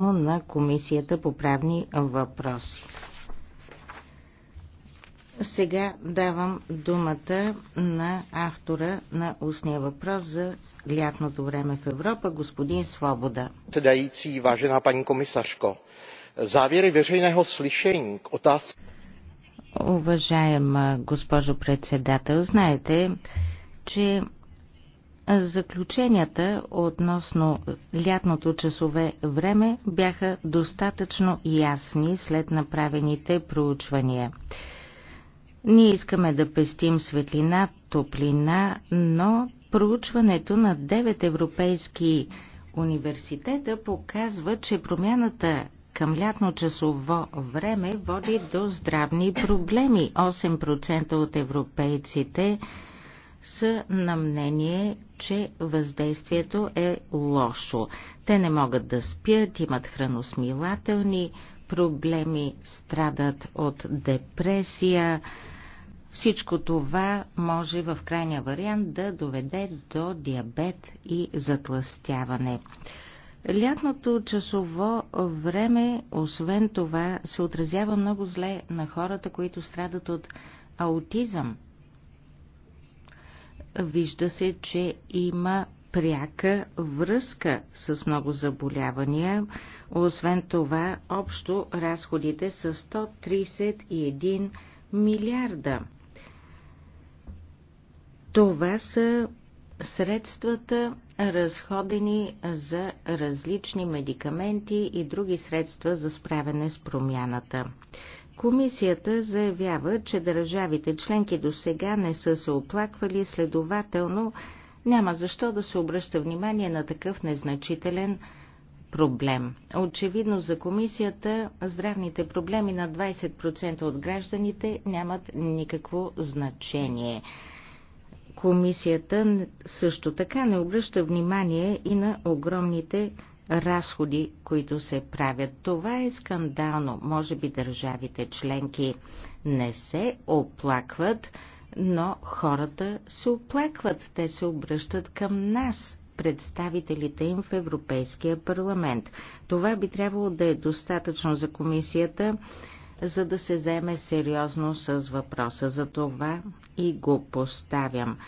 на Комисията по правни въпроси. Сега давам думата на автора на устния въпрос за лятното време в Европа, господин Свобода. Седající, важена пани komisařko, závěry veřejného slyšení k otázce... Уважаема госпожо председател, знаете, че Заключенията относно лятното часове време бяха достатъчно ясни след направените проучвания. Ние искаме да пестим светлина, топлина, но проучването на 9 европейски университета показва, че промяната към лятно часово време води до здравни проблеми. 8% от европейците са на мнение, че въздействието е лошо. Те не могат да спят, имат храносмилателни проблеми, страдат от депресия. Всичко това може в крайния вариант да доведе до диабет и затластяване. Лятното часово време, освен това, се отразява много зле на хората, които страдат от аутизъм вижда се, че има пряка връзка с много заболявания. Освен това, общо разходите са 131 милиарда. Това са средствата, разходени за различни медикаменти и други средства за справяне с промяната. Комисията заявява, че държавите членки до сега не са се оплаквали, следователно няма защо да се обръща внимание на такъв незначителен проблем. Очевидно за комисията здравните проблеми на 20% от гражданите нямат никакво значение. Комисията също така не обръща внимание и на огромните разходи, които се правят. Това е скандално. Може би държавите членки не се оплакват, но хората се оплакват. Те се обръщат към нас, представителите им в Европейския парламент. Това би трябвало да е достатъчно за комисията, за да се вземе сериозно с въпроса. За това и го поставям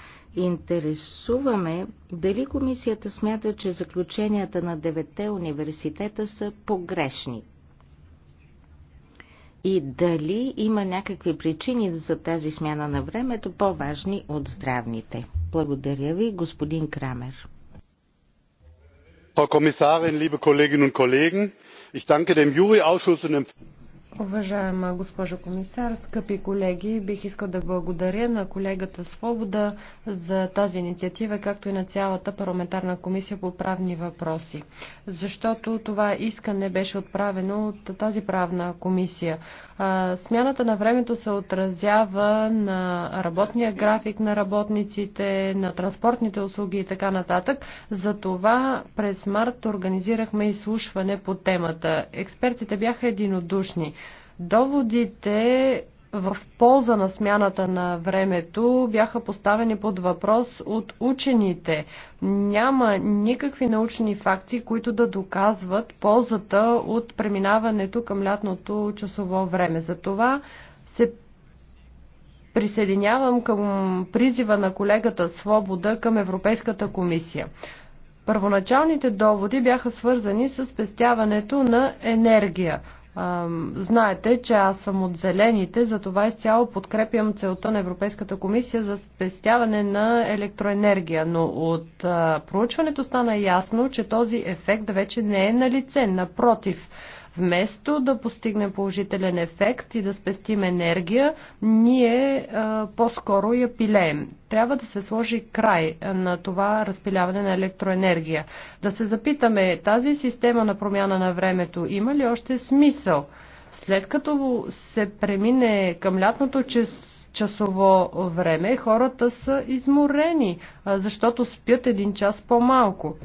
интересуваме дали комисията смята, че заключенията на девете университета са погрешни. И дали има някакви причини за тази смяна на времето по-важни от здравните. Благодаря ви, господин Крамер. Frau Kommissarin, liebe Kolleginnen und Kollegen, ich danke dem Juryausschuss und dem Уважаема госпожо комисар, скъпи колеги, бих искал да благодаря на колегата Свобода за тази инициатива, както и на цялата парламентарна комисия по правни въпроси. Защото това искане беше отправено от тази правна комисия. Смяната на времето се отразява на работния график на работниците, на транспортните услуги и така нататък. Затова през март организирахме изслушване по темата. Експертите бяха единодушни. Доводите в полза на смяната на времето бяха поставени под въпрос от учените. Няма никакви научни факти, които да доказват ползата от преминаването към лятното часово време. Затова се присъединявам към призива на колегата Свобода към Европейската комисия. Първоначалните доводи бяха свързани с спестяването на енергия. Знаете, че аз съм от зелените, затова изцяло подкрепям целта на Европейската комисия за спестяване на електроенергия, но от проучването стана ясно, че този ефект вече не е на лице. Напротив, Вместо да постигнем положителен ефект и да спестим енергия, ние по-скоро я пилеем. Трябва да се сложи край на това разпиляване на електроенергия. Да се запитаме, тази система на промяна на времето има ли още смисъл? След като се премине към лятното часово време хората са изморени, защото спят един час по-малко.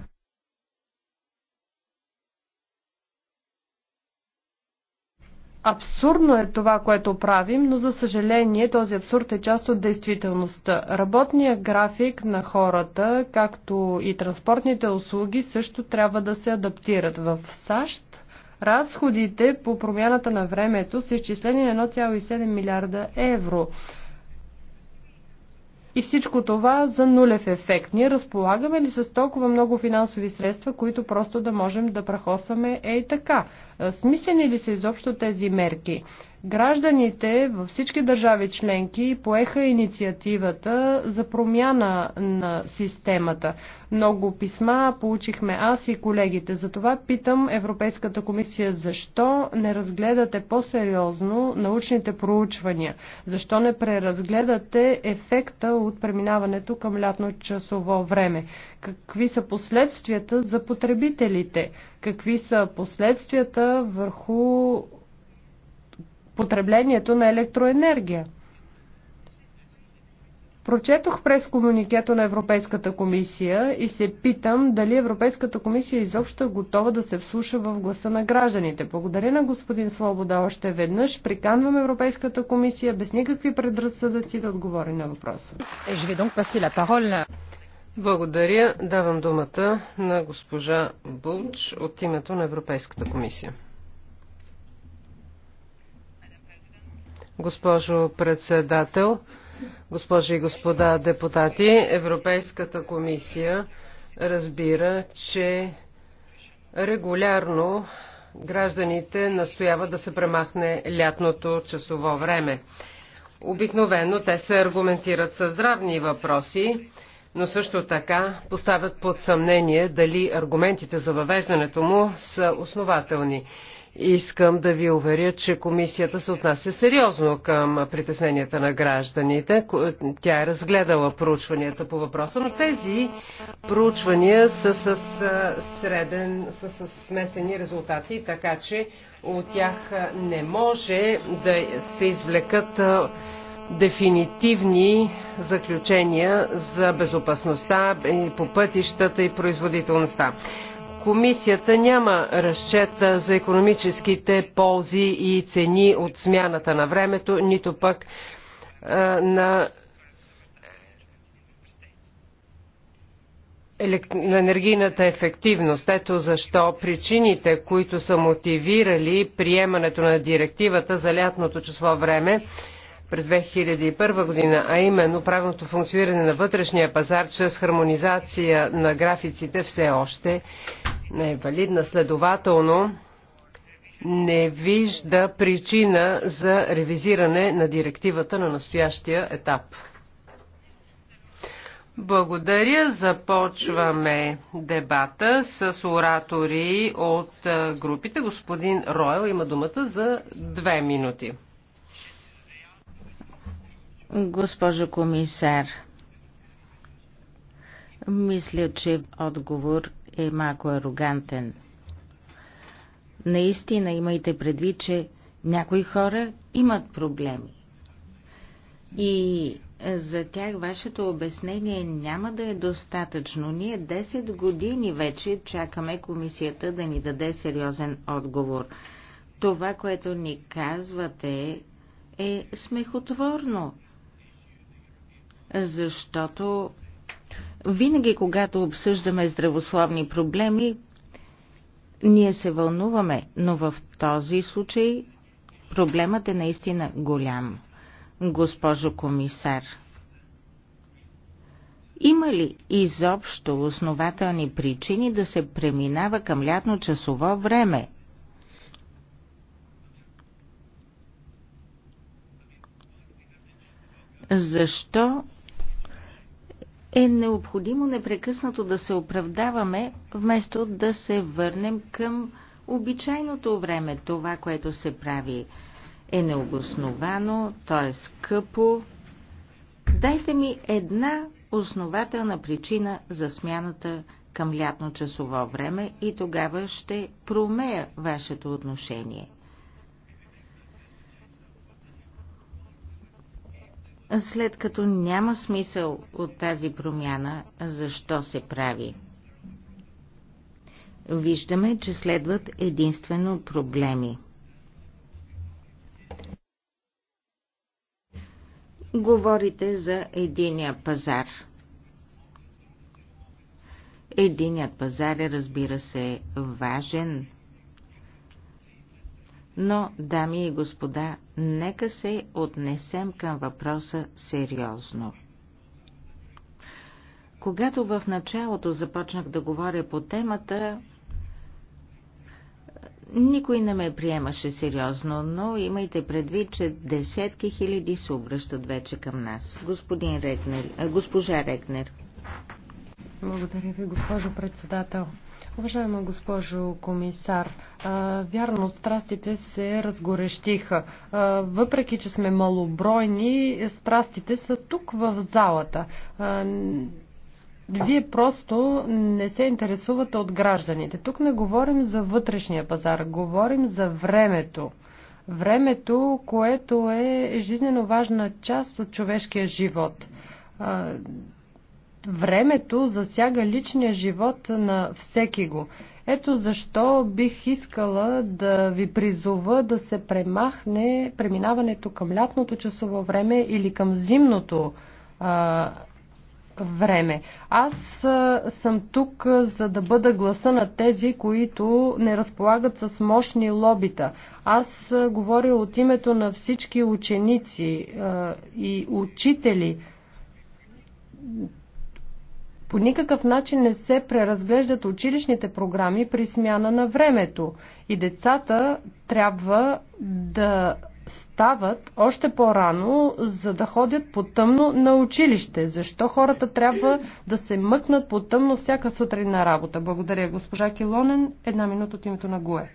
Абсурдно е това, което правим, но за съжаление този абсурд е част от действителността. Работният график на хората, както и транспортните услуги, също трябва да се адаптират. В САЩ разходите по промяната на времето са изчислени на 1,7 милиарда евро. И всичко това за нулев ефект. Ние разполагаме ли с толкова много финансови средства, които просто да можем да е ей така? Е, смислени ли са изобщо тези мерки? Гражданите във всички държави членки поеха инициативата за промяна на системата. Много писма получихме аз и колегите. Затова питам Европейската комисия защо не разгледате по-сериозно научните проучвания? Защо не преразгледате ефекта от преминаването към лятно часово време? Какви са последствията за потребителите? Какви са последствията върху потреблението на електроенергия. Прочетох през комуникето на Европейската комисия и се питам дали Европейската комисия изобщо е готова да се вслуша в гласа на гражданите. Благодаря на господин Свобода още веднъж. Приканвам Европейската комисия без никакви предразсъдъци да отговори на въпроса. Благодаря. Давам думата на госпожа Булч от името на Европейската комисия. Госпожо председател, госпожи и господа депутати, Европейската комисия разбира, че регулярно гражданите настояват да се премахне лятното часово време. Обикновено те се аргументират със здравни въпроси, но също така поставят под съмнение дали аргументите за въвеждането му са основателни. Искам да ви уверя, че комисията се отнася сериозно към притесненията на гражданите. Тя е разгледала проучванията по въпроса, но тези проучвания са с, среден, са с смесени резултати, така че от тях не може да се извлекат дефинитивни заключения за безопасността и по пътищата и производителността комисията няма разчет за икономическите ползи и цени от смяната на времето, нито пък е, на на енергийната ефективност. Ето защо причините, които са мотивирали приемането на директивата за лятното число време, през 2001 година, а именно правилното функциониране на вътрешния пазар чрез хармонизация на графиците все още не е валидна. Следователно, не вижда причина за ревизиране на директивата на настоящия етап. Благодаря. Започваме дебата с оратори от групите. Господин Ройл има думата за две минути. Госпожо комисар, мисля, че отговор е малко арогантен. Наистина имайте предвид, че някои хора имат проблеми. И за тях вашето обяснение няма да е достатъчно. Ние 10 години вече чакаме комисията да ни даде сериозен отговор. Това, което ни казвате, е смехотворно защото винаги, когато обсъждаме здравословни проблеми, ние се вълнуваме, но в този случай проблемът е наистина голям, госпожо комисар. Има ли изобщо основателни причини да се преминава към лятно часово време? Защо е необходимо непрекъснато да се оправдаваме, вместо да се върнем към обичайното време. Това, което се прави е необосновано, то е скъпо. Дайте ми една основателна причина за смяната към лятно часово време и тогава ще промея вашето отношение. След като няма смисъл от тази промяна, защо се прави? Виждаме, че следват единствено проблеми. Говорите за единия пазар. Единият пазар е, разбира се, важен – но, дами и господа, нека се отнесем към въпроса сериозно. Когато в началото започнах да говоря по темата, никой не ме приемаше сериозно, но имайте предвид, че десетки хиляди се обръщат вече към нас. Господин Рекнер, госпожа Рекнер. Благодаря ви, госпожо председател. Уважаема госпожо комисар, вярно, страстите се разгорещиха. Въпреки, че сме малобройни, страстите са тук в залата. Вие просто не се интересувате от гражданите. Тук не говорим за вътрешния пазар, говорим за времето. Времето, което е жизнено важна част от човешкия живот времето засяга личния живот на всеки го. Ето защо бих искала да ви призова да се премахне преминаването към лятното часово време или към зимното а, време. Аз а, съм тук, а, за да бъда гласа на тези, които не разполагат с мощни лобита. Аз а, говоря от името на всички ученици а, и учители по никакъв начин не се преразглеждат училищните програми при смяна на времето и децата трябва да стават още по-рано, за да ходят по тъмно на училище. Защо хората трябва да се мъкнат по тъмно всяка сутрин на работа? Благодаря, госпожа Килонен. Една минута от името на ГУЕ.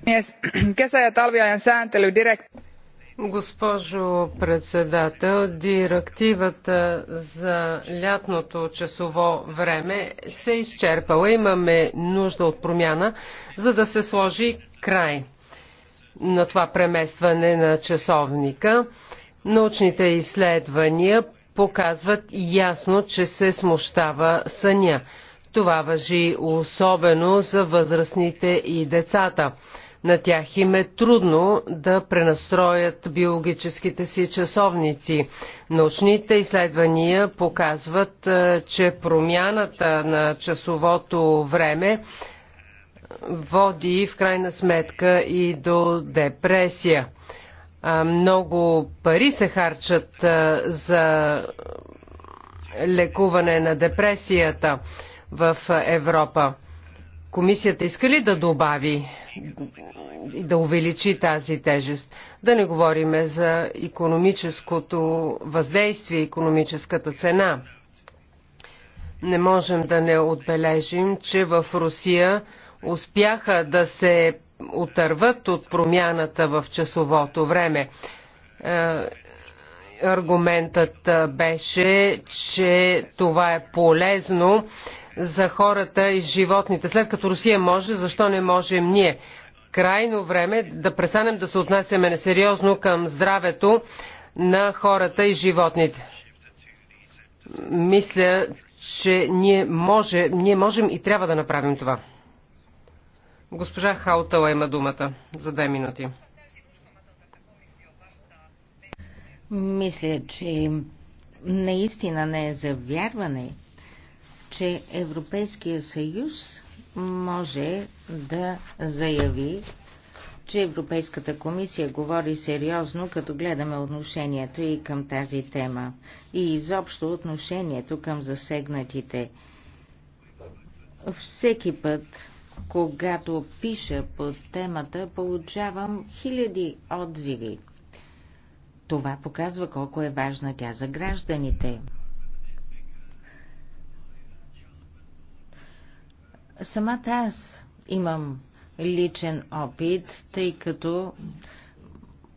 Госпожо председател, директивата за лятното часово време се изчерпала. Имаме нужда от промяна, за да се сложи край на това преместване на часовника. Научните изследвания показват ясно, че се смущава съня. Това въжи особено за възрастните и децата. На тях им е трудно да пренастроят биологическите си часовници. Научните изследвания показват, че промяната на часовото време води в крайна сметка и до депресия. Много пари се харчат за лекуване на депресията в Европа. Комисията иска ли да добави, да увеличи тази тежест? Да не говориме за економическото въздействие, економическата цена. Не можем да не отбележим, че в Русия успяха да се отърват от промяната в часовото време. Е, аргументът беше, че това е полезно за хората и животните. След като Русия може, защо не можем ние? Крайно време е да престанем да се отнасяме несериозно към здравето на хората и животните. Мисля, че ние, може, ние можем и трябва да направим това. Госпожа Хаутала има думата за две минути. Мисля, че наистина не е за вярване, че Европейския съюз може да заяви, че Европейската комисия говори сериозно, като гледаме отношението и към тази тема и изобщо отношението към засегнатите. Всеки път, когато пиша по темата, получавам хиляди отзиви. Това показва колко е важна тя за гражданите. Самата аз имам личен опит, тъй като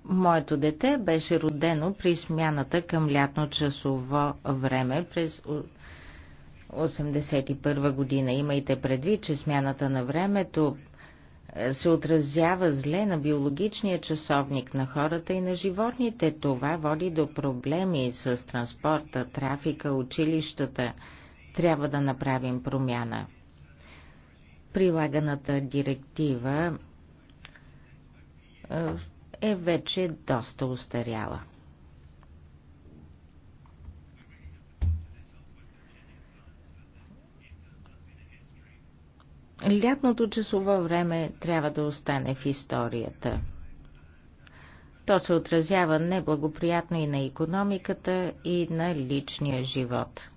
моето дете беше родено при смяната към лятно часово време през 1981 година. Имайте предвид, че смяната на времето е, се отразява зле на биологичния часовник на хората и на животните. Това води до проблеми с транспорта, трафика, училищата. Трябва да направим промяна прилаганата директива е, е вече доста устаряла. Лятното часово време трябва да остане в историята. То се отразява неблагоприятно и на економиката, и на личния живот.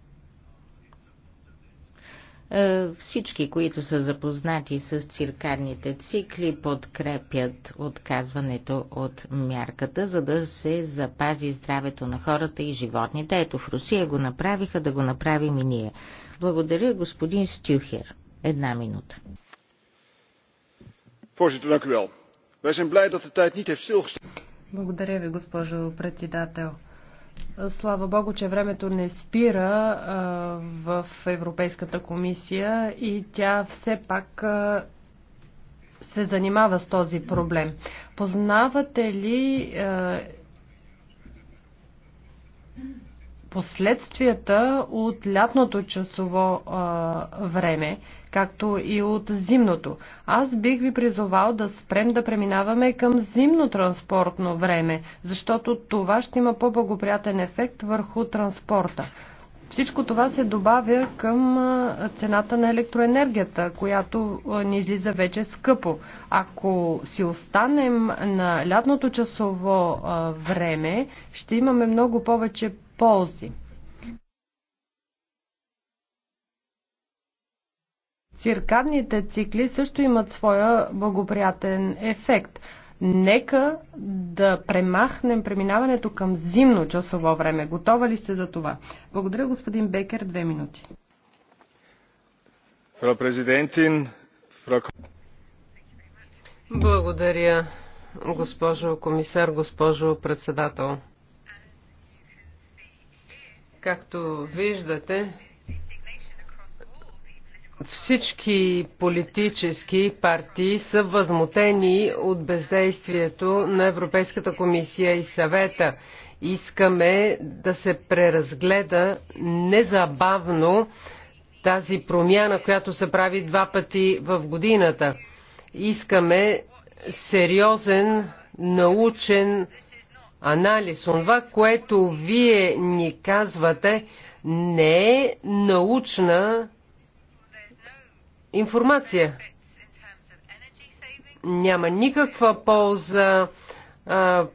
Е, всички, които са запознати с циркадните цикли, подкрепят отказването от мярката, за да се запази здравето на хората и животните. Ето в Русия го направиха, да го направим и ние. Благодаря, господин Стюхер. Една минута. Voorzitter, dank u wel. Wij zijn blij dat de tijd niet heeft stilgestaan. Благодаря ви, госпожо председател. Слава Богу, че времето не спира а, в Европейската комисия и тя все пак а, се занимава с този проблем. Познавате ли а, последствията от лятното часово а, време, както и от зимното. Аз бих ви призовал да спрем да преминаваме към зимно транспортно време, защото това ще има по-благоприятен ефект върху транспорта. Всичко това се добавя към цената на електроенергията, която ни излиза вече скъпо. Ако си останем на лятното часово време, ще имаме много повече ползи. Циркадните цикли също имат своя благоприятен ефект. Нека да премахнем преминаването към зимно часово време. Готова ли сте за това? Благодаря, господин Бекер. Две минути. Благодаря, госпожо комисар, госпожо председател. Както виждате, всички политически партии са възмутени от бездействието на Европейската комисия и съвета. Искаме да се преразгледа незабавно тази промяна, която се прави два пъти в годината. Искаме сериозен научен анализ. Това, което вие ни казвате, не е научна информация. Няма никаква полза, а,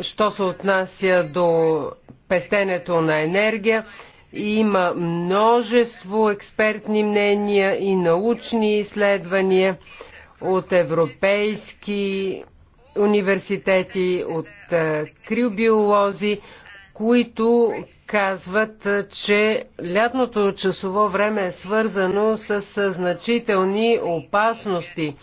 що се отнася до пестенето на енергия. Има множество експертни мнения и научни изследвания от европейски университети, от е, криобиолози, които казват, е, че лятното часово време е свързано с е, значителни опасности.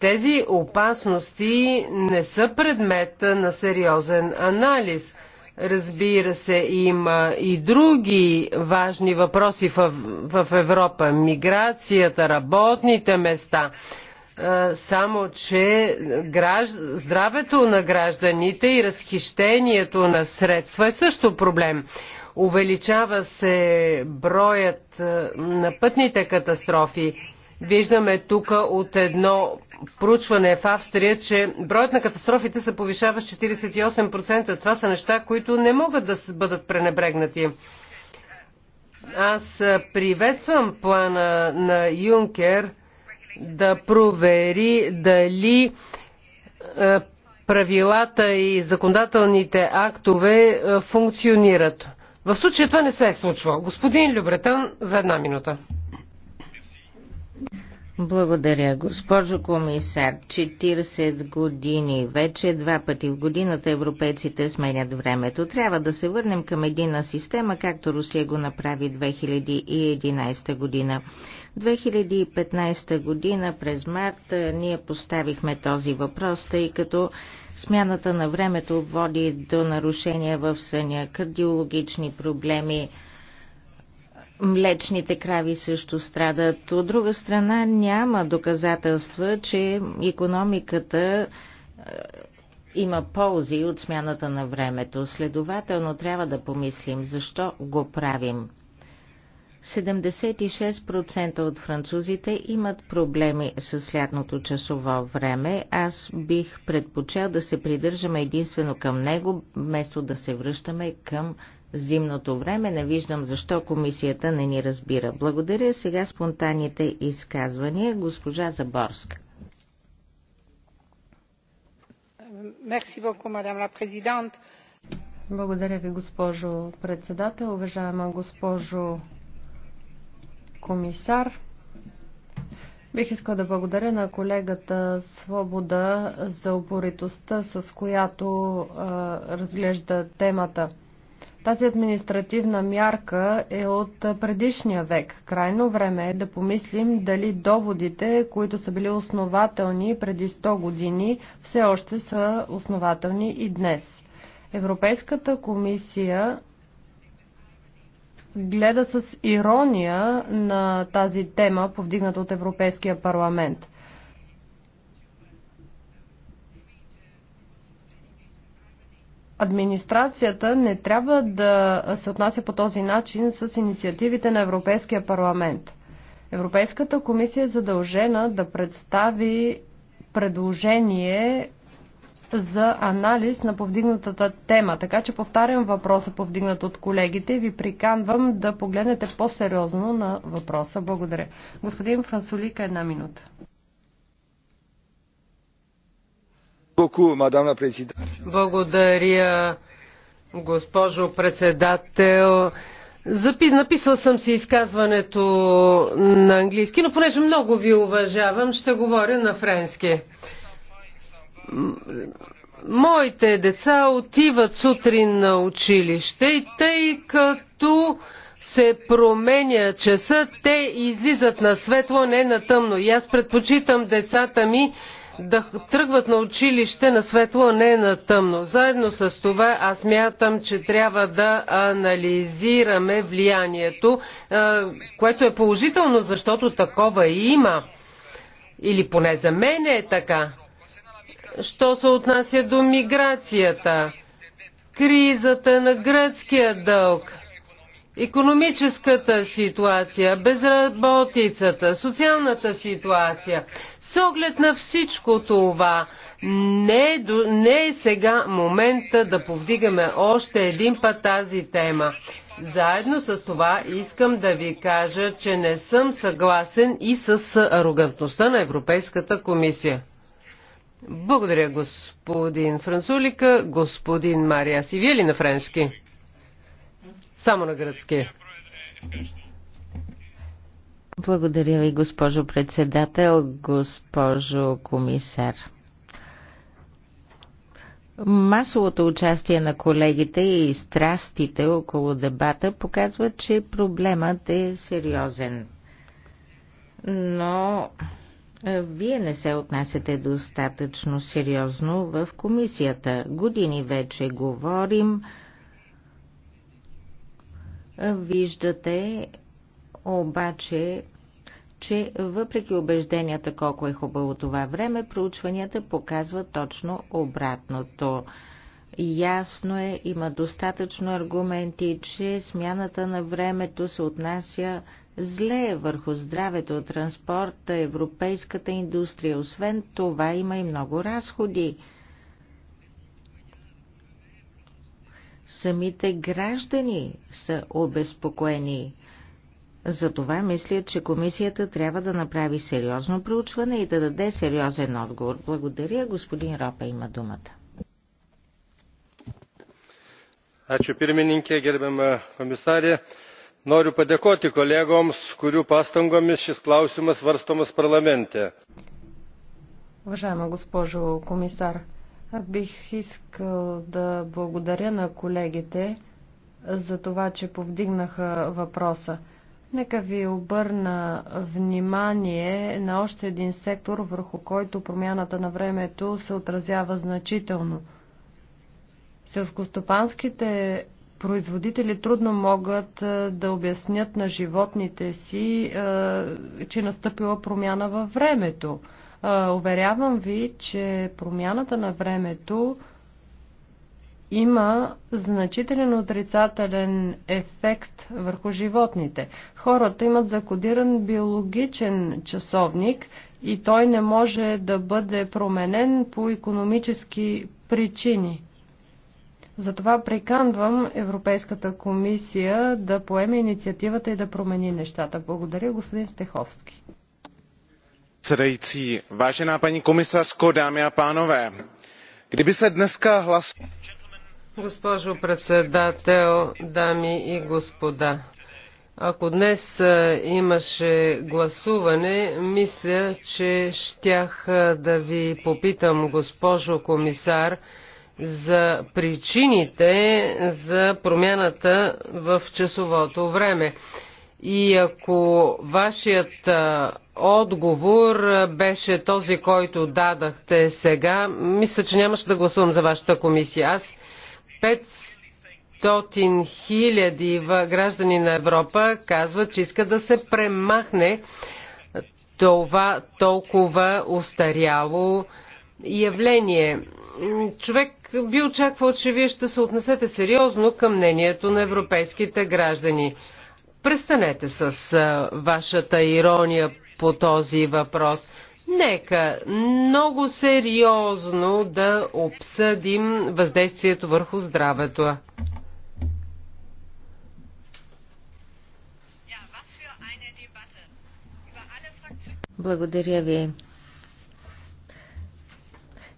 Тези опасности не са предмет на сериозен анализ. Разбира се, има и други важни въпроси в, в Европа. Миграцията, работните места, само че гражд... здравето на гражданите и разхищението на средства е също проблем. Увеличава се броят на пътните катастрофи. Виждаме тук от едно проучване в Австрия, че броят на катастрофите се повишава с 48%. Това са неща, които не могат да бъдат пренебрегнати. Аз приветствам плана на Юнкер – да провери дали е, правилата и законодателните актове е, функционират. В случая това не се е случвало. Господин Любретан, за една минута. Благодаря, госпожо комисар. 40 години вече, два пъти в годината европейците сменят времето. Трябва да се върнем към едина система, както Русия го направи 2011 година. 2015 година през март ние поставихме този въпрос, тъй като смяната на времето води до нарушения в съня, кардиологични проблеми, Млечните крави също страдат. От друга страна няма доказателства, че економиката има ползи от смяната на времето. Следователно трябва да помислим защо го правим. 76% от французите имат проблеми с лятното часово време. Аз бих предпочел да се придържаме единствено към него, вместо да се връщаме към зимното време. Не виждам защо комисията не ни разбира. Благодаря сега спонтанните изказвания. Госпожа Заборска. Благодаря ви, госпожо председател. Уважаема госпожо комисар. Бих искал да благодаря на колегата Свобода за упоритостта, с която а, разглежда темата. Тази административна мярка е от предишния век. Крайно време е да помислим дали доводите, които са били основателни преди 100 години, все още са основателни и днес. Европейската комисия гледа с ирония на тази тема, повдигната от Европейския парламент. Администрацията не трябва да се отнася по този начин с инициативите на Европейския парламент. Европейската комисия е задължена да представи предложение за анализ на повдигнатата тема. Така че повтарям въпроса, повдигнат от колегите. Ви приканвам да погледнете по-сериозно на въпроса. Благодаря. Господин Франсулика, една минута. Благодаря, госпожо председател. Запи... Написал съм си изказването на английски, но понеже много ви уважавам, ще говоря на френски. Моите деца отиват сутрин на училище и тъй като се променя часа, те излизат на светло, не на тъмно. И аз предпочитам децата ми да тръгват на училище на светло, не на тъмно. Заедно с това аз мятам, че трябва да анализираме влиянието, което е положително, защото такова и има. Или поне за мен е така. Що се отнася до миграцията, кризата на гръцкия дълг, економическата ситуация, безработицата, социалната ситуация. С оглед на всичко това, не е, до, не е сега момента да повдигаме още един път тази тема. Заедно с това искам да ви кажа, че не съм съгласен и с арогантността на Европейската комисия. Благодаря, господин Францулика. Господин Мария си вие ли на френски? Само на гръцки. Благодаря ви, госпожо председател, госпожо комисар. Масовото участие на колегите и страстите около дебата показват, че проблемът е сериозен. Но е, вие не се отнасяте достатъчно сериозно в комисията. Години вече говорим. Е, виждате обаче, че въпреки убежденията колко е хубаво това време, проучванията показват точно обратното. Ясно е, има достатъчно аргументи, че смяната на времето се отнася зле върху здравето, транспорта, европейската индустрия. Освен това има и много разходи. Самите граждани са обезпокоени. Затова мисля, че комисията трябва да направи сериозно проучване и да даде сериозен отговор. Благодаря, господин Ропа има думата. Ačiū pirmininkė, gerbiama komisarė noriu padėkoti kolegoms kurių pastangomis šis klausimas svarstomas parlamente. Уважаема госпожо комисар, бих искал да благодаря на колегите за това, че повдигнаха въпроса. Нека ви обърна внимание на още един сектор, върху който промяната на времето се отразява значително. Селскостопанските производители трудно могат да обяснят на животните си, че е настъпила промяна във времето. Уверявам ви, че промяната на времето има значителен отрицателен ефект върху животните. Хората имат закодиран биологичен часовник и той не може да бъде променен по економически причини. Затова приканвам Европейската комисия да поеме инициативата и да промени нещата. Благодаря, господин Стеховски. Předající, vážená paní komisařko, dámy a pánové, kdyby se dneska hlas... Госпожо председател, дами и господа, ако днес имаше гласуване, мисля, че щях да ви попитам, госпожо комисар, за причините за промяната в часовото време. И ако вашият отговор беше този, който дадахте сега, мисля, че нямаше да гласувам за вашата комисия. Аз 500 хиляди граждани на Европа казват, че искат да се премахне това толкова устаряло явление. Човек би очаквал, че вие ще се отнесете сериозно към мнението на европейските граждани. Престанете с вашата ирония по този въпрос. Нека много сериозно да обсъдим въздействието върху здравето. Благодаря ви.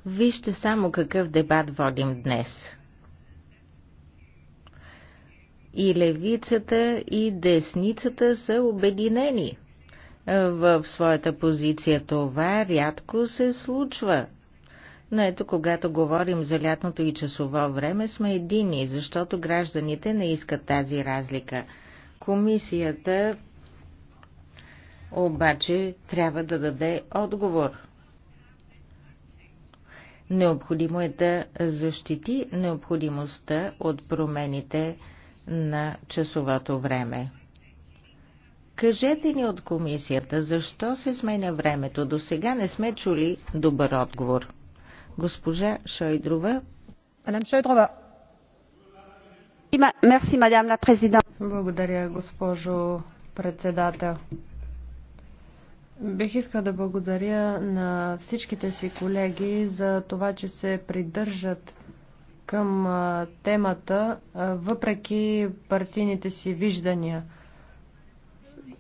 Вижте само какъв дебат водим днес. И левицата, и десницата са обединени в своята позиция. Това рядко се случва. Но ето, когато говорим за лятното и часово време, сме едини, защото гражданите не искат тази разлика. Комисията обаче трябва да даде отговор. Необходимо е да защити необходимостта от промените на часовото време. Кажете ни от комисията, защо се сменя времето? До сега не сме чули добър отговор. Госпожа Шойдрова. Мадам Шойдрова. Благодаря, госпожо председател. Бих искал да благодаря на всичките си колеги за това, че се придържат към темата, въпреки партийните си виждания.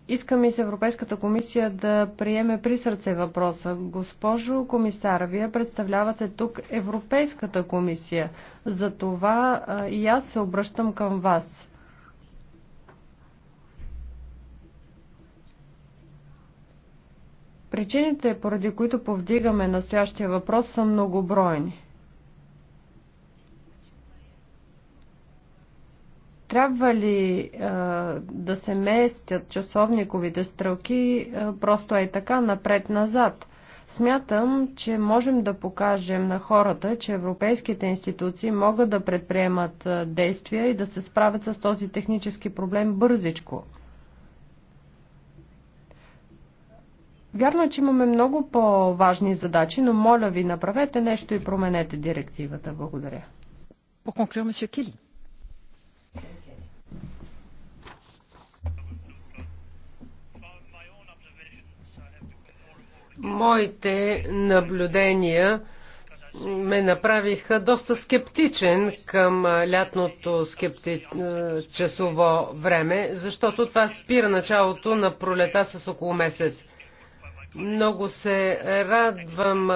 Искам и с Европейската комисия да приеме при сърце въпроса. Госпожо комисар, вие представлявате тук Европейската комисия. За това и аз се обръщам към вас. Причините, поради които повдигаме настоящия въпрос, са многобройни. Трябва ли е, да се местят часовниковите стрелки е, просто е така, напред-назад? Смятам, че можем да покажем на хората, че европейските институции могат да предприемат действия и да се справят с този технически проблем бързичко. Вярно е, че имаме много по-важни задачи, но моля ви, направете нещо и променете директивата. Благодаря. Pour conclure, monsieur Моите наблюдения ме направиха доста скептичен към лятното скепти... часово време, защото това спира началото на пролета с около месец. Много се радвам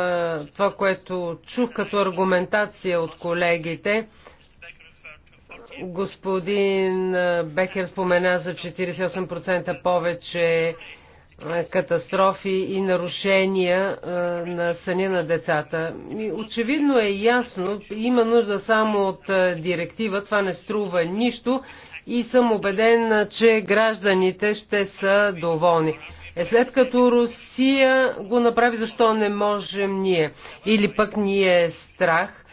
това, което чух като аргументация от колегите. Господин Бекер спомена за 48% повече катастрофи и нарушения на съня на децата. Очевидно е ясно, има нужда само от директива, това не струва нищо и съм убеден, че гражданите ще са доволни. Е след като Русия го направи, защо не можем ние? Или пък ни е страх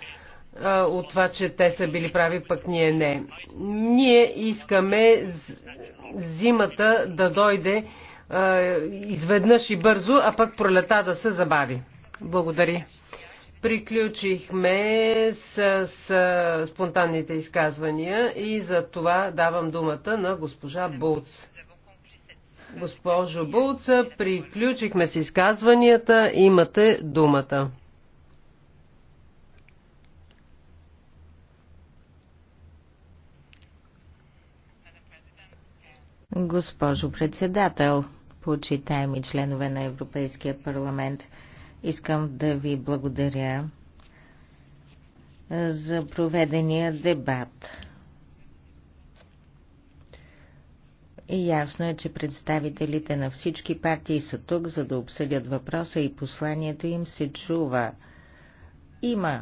а, от това, че те са били прави, пък ние не. Ние искаме зимата да дойде а, изведнъж и бързо, а пък пролета да се забави. Благодаря. Приключихме с, с спонтанните изказвания и за това давам думата на госпожа Булц. Госпожо Булца, приключихме с изказванията. Имате думата. Госпожо председател, почитаеми членове на Европейския парламент, искам да ви благодаря за проведения дебат. И ясно е, че представителите на всички партии са тук, за да обсъдят въпроса и посланието им се чува. Има,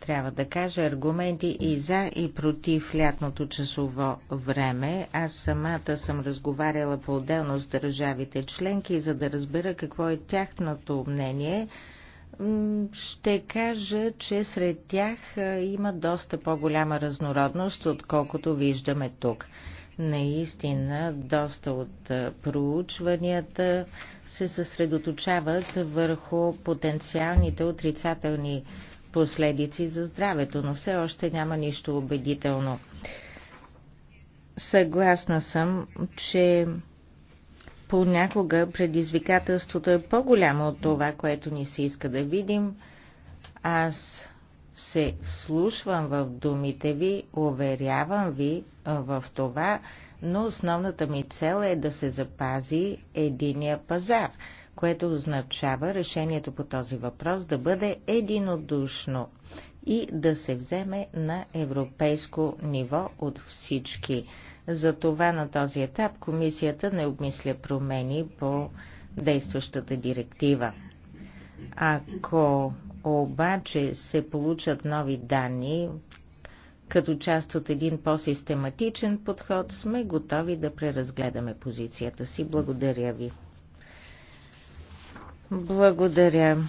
трябва да кажа, аргументи и за и против лятното часово време. Аз самата съм разговаряла по-отделно с държавите членки, за да разбера какво е тяхното мнение. Ще кажа, че сред тях има доста по-голяма разнородност, отколкото виждаме тук. Наистина, доста от проучванията се съсредоточават върху потенциалните отрицателни последици за здравето, но все още няма нищо убедително. Съгласна съм, че понякога предизвикателството е по-голямо от това, което ни се иска да видим. Аз се вслушвам в думите ви, уверявам ви в това, но основната ми цел е да се запази единия пазар, което означава решението по този въпрос да бъде единодушно и да се вземе на европейско ниво от всички. За това на този етап комисията не обмисля промени по действащата директива. Ако обаче се получат нови данни, като част от един по-систематичен подход, сме готови да преразгледаме позицията си. Благодаря ви. Благодаря.